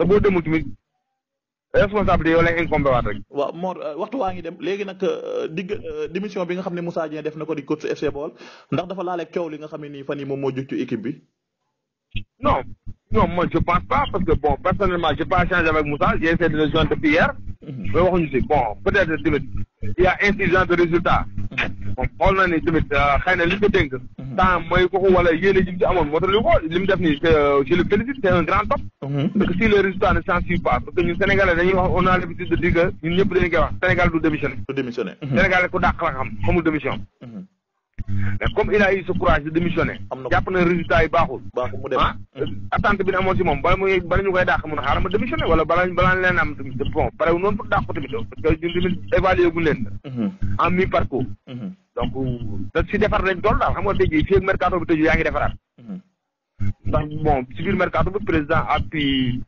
te boo demul tamit responsabilité yow lañ incombé waat rek. waaw Mor euh, waxtu waa ngi dem léegi nag euh, digg euh, démission bi nga xam ne Moussa Dieng def na ko di coach FC Baol ndax dafa laale coow li nga xam ne nii fan yii moom moo jug ci équipe bi. non non moi je pense pas parce que bon personnellement j'ai pas changé avec Moussa j'ai essayé de le joindre depuis hier. Mhm. mais waxuñu si bon peut-être ya il de résultat. Mhm. bon xool na ni tamit xëy na li ko dénk. temps mooy kooku wala yéene ji mu ci amoon moo tax li ko li mu def nii euh, je le un grand top. Mhm. parce que si le résultat ne s'en suit pas parce que ñun Sénégalais dañuy wax a l'habitude de dire que ñun ñëpp dañu koy wax Sénégal du démissionné. du démissionné. Sénégal ku dàq la mais comme il a eu ce courage de démissionner. am na ko jàpp na résultat yi baaxul. baaxul mu dem ah. attente bi ne amoon si moom bala muy bala ñu koy dàq mun a xaaral ma bon pare wu noonu pour dàq ko tamit parce que ñun tamit évalué gu leen. Mhm. mi parcours. Mhm. donc da si defar lañ toll daal xam nga tey jii fii ak mercato bi tëju yaa ngi defaraat. Mhm. ndax bon si biir mercato bi président a pu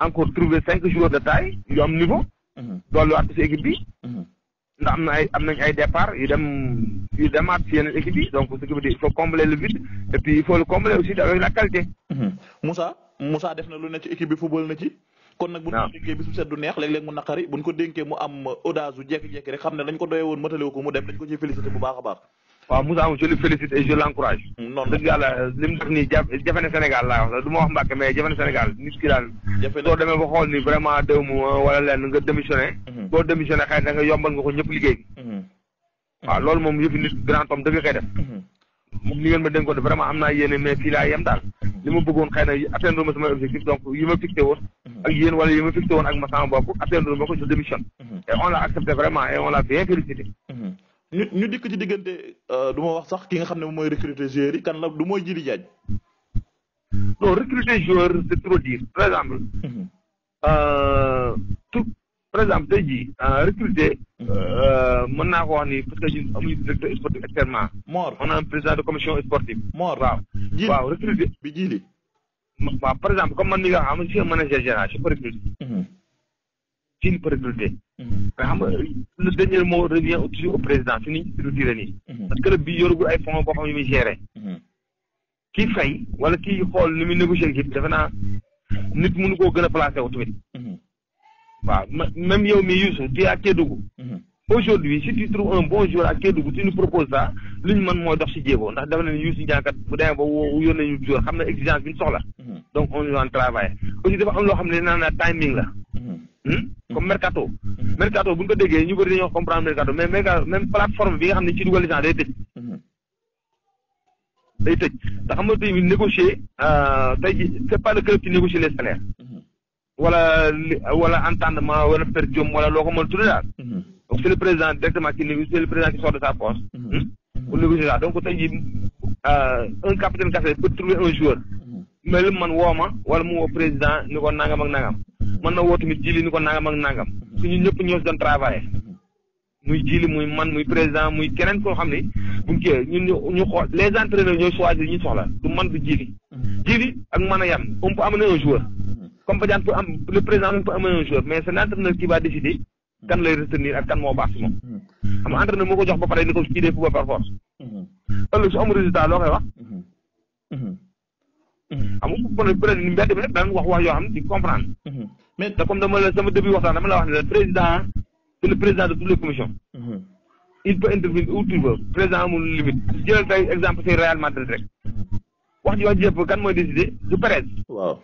encore trouver cinq joueurs de taille yu am niveau. dolliwaat si équipe bi. ndax am na ay am nañ ay départ yu dem yu demaat si yeneen équipe yi donc ce qui veut dire il faut combler le vide et puis il faut le combler aussi avec la qualité. Mhm. Moussa Moussa def na lu ne na ci. kon nag ko dénkee bis bu set du neex léeg-léeg mu naqari bu ñu ko dénkee mu am audace bu jékki-jékki rek xam ne dañ ko doyee woon matale ko mu dem dañ ko ciy félicité bu baax a baax. waaw Moussa je le félicite et l' encourage. Mm, noonu dëgg yàlla li mu def nii jafe na Sénégal laa wax du ma wax Mbàkke mais jafe na Sénégal nit ki daal. jafe soo demee ba xool ni vraiment déw mu wala lenn nga démissionné. boo mm-hmm. démissionné xëy na nga yombal nga ko ñëpp liggéey. Mm-hmm. waaw mm-hmm. loolu moom yëpp nit grand homme dëgg koy def. moom ni ngeen ma dénkoon vraiment am naa yéene mais fii laa yem daal. li ma bëggoon xëy na atteindre ma samay objectif donc yi ma fixé woon. ak yéen wala yi ma fixé woon ak ma sama bopp atteindre ma ko a accepté vraiment et on l' a ñu ñu dikk ci diggante euh, du ma wax sax ki nga xam ne moom mooy recruter joueurs yi kan la du mooy Djily Diagne. non recruter joueur c'est trop dire par exemple. Mhm. Euh, tout par exemple tey jii euh, recruter. Mhm. mën naa ko wax ni parce que ñun amuñu directeur sportif externe. Mor on a un président de commission sportive. Mor waaw. Djily waaw par exemple comme man mi nga xam ne je suis un manager général je peux recruter. Mhm. Djily recruter. mais mm-hmm. xam nga le dernier mot revient au président fi ni du dire nii. Mm-hmm. parce bi yoragul ay fonds boo xam ne yu muy gérer. kii fay wala kii xool ni mi négocier kii defe naa nit mënu koo gën a placé wu tamit. Mm-hmm. waaw même yow mi Youssou tu ak à Kédougou. aujourd'hui si tu trouves un bon joueur à Kédougou tu nous proposes ça li ñu mën mooy dox si jéego ndax dafa ne Youssou jànkat bu demee ba woo yónnee ñu joueur xam na exigence bi ñu soxla. donc on est en travail aussi am loo xam ne nee naa timing la. Hmm? comme mercato. mercato bu ñu ko déggee ñu bëri dañoo comprendre mercato mais mercato même plateforme bi nga xam ne ci dugal licence day tëj. day tëj te xam nga tey négocier euh, tey jii c'est pas le club qui négocie les salaires. wala wala entendement wala per diem wala loo ko a donc c'est le président directement qui sort de sa poche. pour négocier ça donc tey jii euh, un capitaine café peut trouver un joueur. mais lu man woo wala mu woo président ni ko nangam ak nangam. mën na woo tamit jili ni ko nangam ak nangam suñu ñëpp ñoo si doon travaillé muy jili muy man muy président muy keneen koo xam ne buñ kii ñun ñu ñu xool les entraîneurs ñooy choisir ñu soxla du man du jili mm-hmm. jili ak mën a yam on peut amener un joueur mm-hmm. comme Badiane peut am le président on peut amener un joueur mais c'est l'entraîneur qui va décider kan lay retenir ak kan moo baax si moom mm-hmm. xam nga mo ko jox ba ni ko kii dee football par force ëllëg su amul résultat loo koy wax xam nga peut être mbedd wax wax yoo xam di comprendre mais te comme dama la dama la wax ne le président c'est le président de toutes les commissions. Mhm. il peut intervenir où tu veux président amul limite jëlal tey exemple si Real Madrid rek wax ji wax ji yëpp kan mooy décider du Perez. waaw.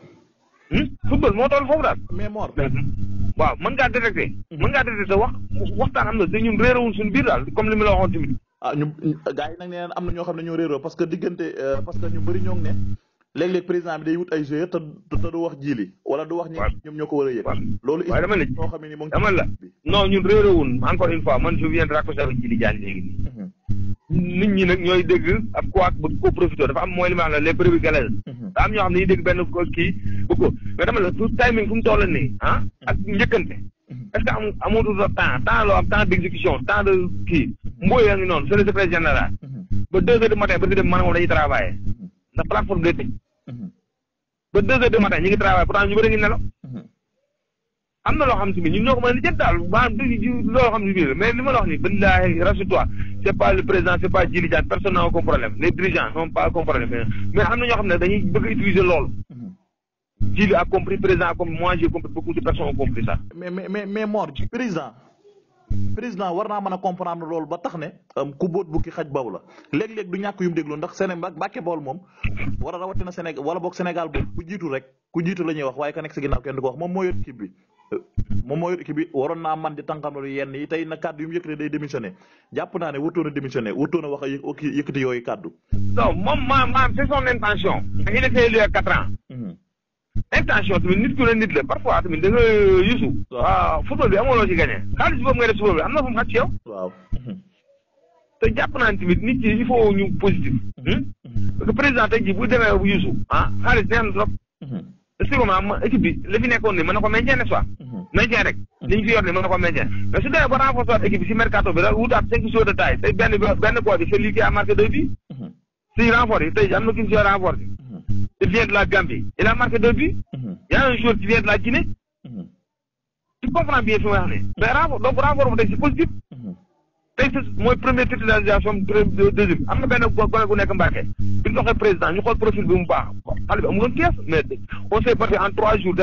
Hmm? football moo toll foofu daal. mais Mor. waaw mën ngaa détecté. Mhm. mën ngaa wax waxtaan am na te ñun réerewul suñu biir daal comme li ma la waxoon tamit. ah ñu gars yi nag nee am na ñoo xam ne ñoo réeroo parce que diggante euh, parce que ñu bëri ñoo ngi léeg-léeg président bi day wut ay joueurs te te du wax jili wala du wax ñi ñoom ñoo ko war a yëg loolu waaye dama xam ne moom dama la non ñun réeréwun encore une fois man je viens mhm. nit ñi nag ñooy dégg ab kuwaak bëgg ko profité dafa am mooy li ma la les prévu galère mhm. da am ñoo xam ne ñuy dégg benn ko kii bëgg ko mais dama la tout timing fu mu toll nii ah mhm. ak njëkkante est-ce que am amatul sa temps temps loo am temps de kii mbooy yaa ngi noonu c'est le secrétaire général ba deux heures matin ba di dem man moom dañuy travailler ndax plateforme day tëj. Mhm. ba deux heures du matin ñu ngi travail pourtant ñu bëri ngi nelaw. Mhm. am na loo xam si bi ñun ñoo ko mën a jënd daal maanaam loo xam si mais li ma la wax nii pas le président c' pas Djily personne n'a aucun problème les dirigeants n'ont pas aucun problème mais am na ñoo xam ne dañuy bëgg utiliser loolu. Mhm. Djily a compris président a compris moi j'ai compris beaucoup de personnes ont compris ça. mais mais mais président war naa man a comprendre loolu ba tax ne ku bóot bukki xaj baw la léeg-léeg du ñàkk yu mu déglu ndax Sénégal Mbàkke Bawol moom war a rawatina Sénégal wala boog Sénégal boobu ku jiitu rek ku jiitu la ñuy wax waaye ka nekk kenn ko wax moom moo yor équipe bi moom moo yor équipe bi waroon naa man di tànqamlu yenn yi tey na kàddu yu mu yëkkati day démissionné jàpp naa ne wutoon a démissionné wutoon a wax a yëkkati yooyu kàddu. donc moom maanaam c'est son intention. da ngay defee intention tamit nit ku ne nit la parfois tamit da nga yusu. waaw football bi amoo loo ci gagné. xaalis boobu nga def si football bi am na fu mu xat ci yow. waaw. te jàpp naa ne tamit nit ñi il faut ñu positif. Hmm? parce que président tey jii bu demee bu yusu. ah xaalis neex na trop. Hmm. te sûrement ma équipe bi la fi nekkoon nii mën na ko maintien n'est-ce pas. Hmm. maintien rek. li ñu fi yor nii mën na ko maintien mais su demee ba renforcer waat si de taille tey benn benn boy bi c'est lui qui a marqué deux buts. si renfort yi tey am vient de la Gambie, il a marqué deux buts. Mhm. Il y a un joueur qui vient de la Guinée. Mhm. Tu comprends bien ce que mhm. Mais donc renfort, c'est positif. sais, titularisation deuxième Je président ñu profil Je ne sais pas mais on s'est passé en trois jours il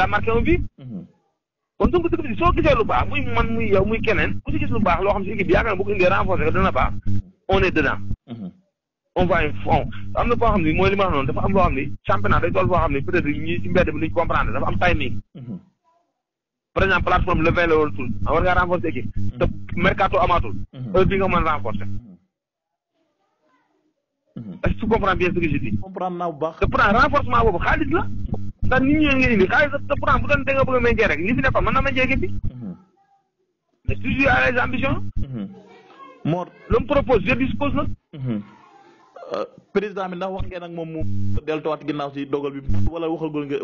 a marqué un but moi, on moi, pas si moi, lu moi, muy man muy yow muy moi, pas si gis lu moi, moi, xam si on est dedans envoyé fond am na foo xam ni mooy li ma wax noonu dafa am loo xam ni championnat day toll foo xam ni peut-être ñi ci mbedd bi duñ comprendre dafa am timing. Mhm. par exemple plateforme le vingt la war a war ngaa renforcer équipe. Mhm. te mercato amaatul. Mhm. heure bi nga mën a renforcer. est-ce que tu comprends bien ce que je dis. comprendre naa bu baax. te pourtant renforcement boobu xaalis la. ndax nit ñi nga indi xaalis te pourtant bu doon da nga bëgg a méngee rek li fi nekkoon mën na méngee équipe bi. mais toujours à les ambitions. Mor l'homme propose président bi ndax wax ngeen ak moom mu deltuwaat ginnaaw si dogal bi wala waxagul nga.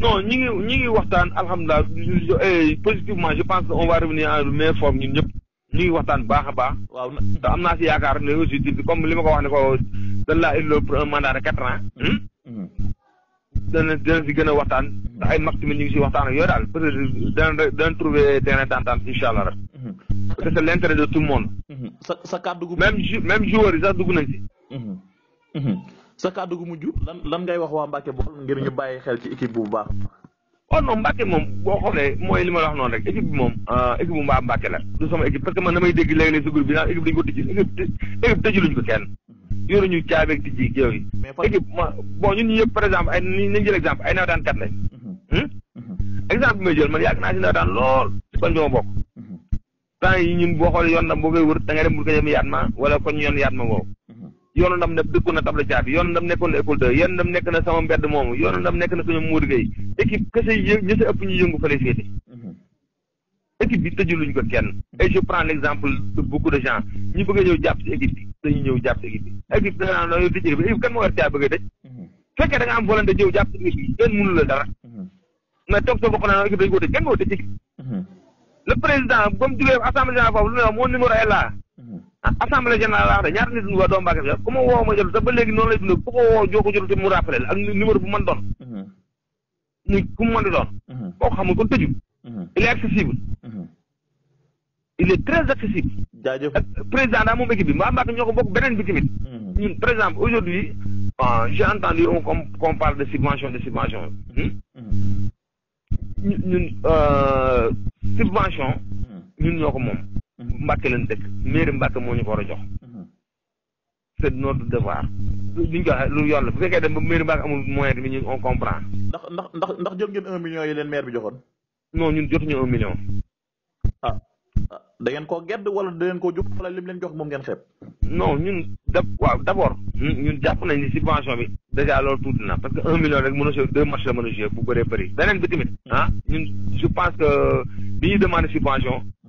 non ñi ngi ñi ngi waxtaan alhamdulilah eh, positivement je pense que on va revenir en meilleure forme ñun ñëpp ñu ngi waxtaan baax a baax. waaw te am naa si yaakaar ne aussi comme li ko wax ne ko pour un mandat de ans. Hmm? Hmm. dana dana si watan a waxtaan ndax hmm. ay mag tamit ñu ngi si waxtaan ak yooyu daal peut être dana dana trouver terrain d'entente incha rek. parce que c'est l'intérêt de tout le monde. sa sa même même joueur dugg nañ Mhm. sa kàddu gu mujj lan lan ngay wax waa Mbacke bool ngir ñu bàyyi xel ci équipe bu baax. oh non Mbacke moom boo xoolee mooy li ma la wax noonu rek équipe bi moom euh, équipe bu mbaa la du sama équipe parce man damay dégg léegi ne si bi naan équipe dañu ko tijji équipe équipe tëjuluñ ko kenn mhm. yoruñu caabeeg tijji ma bon ñun ñu yëpp par exemple ay nañ jël exemple ay nawetaan kat lañ mhm. hmm? exemple bi may jël man yàgg naa si nawetaan lool kon bi ma bokk temps yi ñun boo xool yoon na boo koy wër dem bur ko yem yaat ma wala koñ yoon yaat ma woowu yoonu ndam ne dëkku na tabla caabi yoonu ndam nekkoon na école 2 yoonu ndam nekk na sama mbedd moomu yoonu ndam nekk na suñu muur gay équipe kese yë ñu sa ëpp ñu yëngu fa lay féete mhm. ko kenn et je prends l' exemple de beaucoup de gens ñu bëgg a ñëw jàpp si équipe bi dañuy ñëw jàpp si équipe bi équipe da nga naan yow tëj équipe kan moo war caa bëgg a tëj mhm. fekkee da nga am volonté ñëw jàpp si équipe bi kenn mënu la dara mhm. mais toog sa bopp naan équipe dañu ko tëj kenn moo tëj équipe le président lu ne wax mon numéro est assemblée générale wax de ñaata nit ñu waa doomu Mbacké kuma ma woo ma jot te ba léegi noonu lay dund ku ko woo joo ko te mu rappelé ak numéro bu mën doon ñu mhm. ku mu mën di doon boo mhm. ko xamul kon tëju mhm. il est accessible il est très accessible jaajëf euh, président daa moom équipe bi mbaa Mbacké ñoo ko bokk beneen bi tamit ñun par exemple aujourd'hui j'ai entendu on qu'on parle de subvention de subvention hmm? ñun euh, subvention ñun ñoo ko moom Mbàkke leen dëkk mairie Mbàkke moo ñu ko war a jox. Mhm. c'est notre devoir. duñ joxe lu yoon la bu fekkee dem ba mairie Mbàkke amul moyen bi ñu on comprend. ndax ndax ndax ndax jot ngeen un million yi leen maire bi joxoon. non ñun jotuñu un million. ah, ah da ngeen koo gedd wala da ngeen koo jóg wala lim leen jox moom ngeen xeeb. non ñun da waaw d' abord. ñun jàpp nañ ni subvention bi. dèjà loolu tuuti na parce que un million rek mën a jouer deux matchs la mën a jouer bu bëree beneen bi tamit. Mhm. Ah, que bi ñu demandé subvention.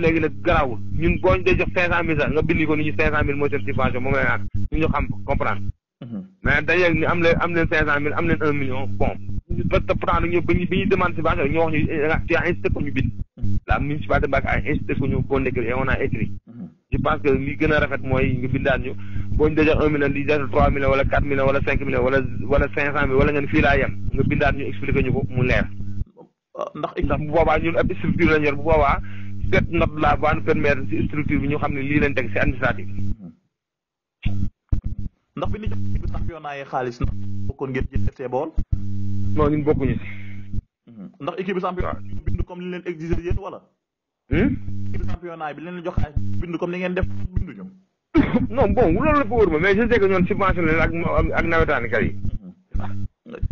léegi la garaawul ñun boo ñu day jox cinq cent mille sax nga bind ko ni ñu cinq cent mille mooy seen subvention moom mhm. am leen am leen cinq cent mille am leen un million ba te bi ñuy demande subvention ñoo wax eh, ah, mhm. mhm. gën a rafet mooy nga boo ñu di jox trois wala quatre millions wala cinq millions wala wala cinq cent mille ñu ko mu leer. Euh, ndax bu boobaa ñun ab structure la ñu yor bu boobaa seet note la bu permettre structure bi ñu xam ne lii leen teg si administratif ndax bi ni jox bi tax yoon naa xaalis ndax bokkoon ngeen jël FC Baol non ñun bokkuñu si ndax équipe champion bind comme li leen exiger yéen wala hmm? équipe championnat bi leen jox ay bind comme li ngeen def binduñu non bon loolu la ko wóor ma mais je ñoon subventionné leen ak nawetaan kay yi hmm.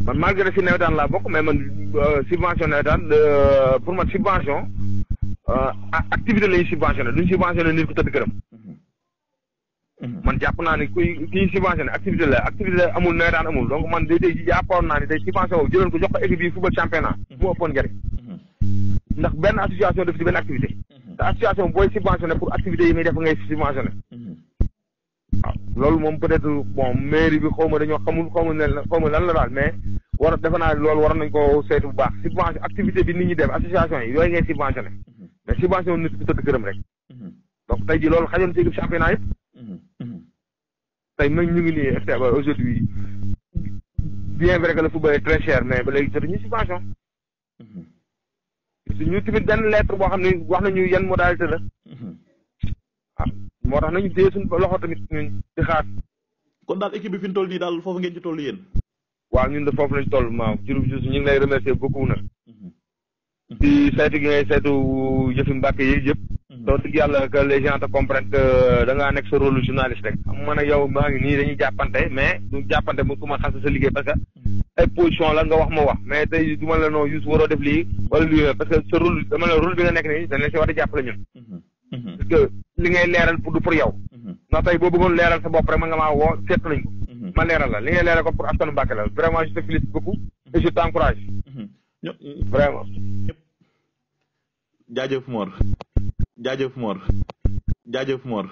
man malgré si nawetaan laa bokk mais man euh, subvention nawetaan euh, pour man subvention Euh, activité la ñuy subventionné duñ subventionné nit ku tëdd këram. Mm-hmm. man jàpp naa ni kuy kuy subventionné activité la activité la amul nawetaan amul donc man day day jàppoon naa ne te subventionné woo jëloon ko jox ko équipe yi football championnat. Mm-hmm. mu ëppoon njëriñ. Mm-hmm. ndax benn association def ci benn activité. te association booy subventionné pour activité yi muy def ngay subventionné. waaw loolu moom peut-être bon mairie bi xaw ma dañoo xamul xaw lan la daal mais war defe naa loolu war nañ ko saytu bu baax subvention activité bi nit ñi def association yi yooyu ngay subventionné. mais subvention nit ku tëdd këram rek. Mhm. donc tey jii loolu xajoon ci équipe championnat yëpp. Mhm. Mhm. tey même ñu ngi nii FTA ba aujourd'hui bien vrai que le football est très mais ba léegi jotuñu subvention. suñu tamit benn lettre boo xam ne wax nañu yan modalité la. waaw ah, moo tax nañu téye suñu loxo tamit ñun di xaar. kon daal équipe bi fi ñu toll nii daal foofu ngeen ci toll yéen. waaw ñun de foofu lañ toll maaw jërëjëf ñu ngi lay remercier beaucoup di saytu gi ngay saytu yëfi Mbàkke yi yëpp doo dëgg yàlla que les gens te comprennent que da ngaa nekk sa rôle journaliste rek xam man ak yow maa ngi nii dañuy jàppante mais du jàppante mu suma xas sa liggéey parce que ay position la nga wax ma wax mais tey du ma la noo yus waroo def lii wala lii parce que sa rôle dama la rôle bi nga nekk nii dañ la si war a jàppale ñun parce que li ngay leeral pour du pour yow ndax tey boo bëggoon leeral sa bopp rek mën nga maa woo seetlu nañ ko ma leeral la li ngay leeral ko pour askanu Mbàkke la vraiment je te félicite beaucoup et je t'encourage vraiment jaajëf Mor jaajëf Mor jaajëf Mor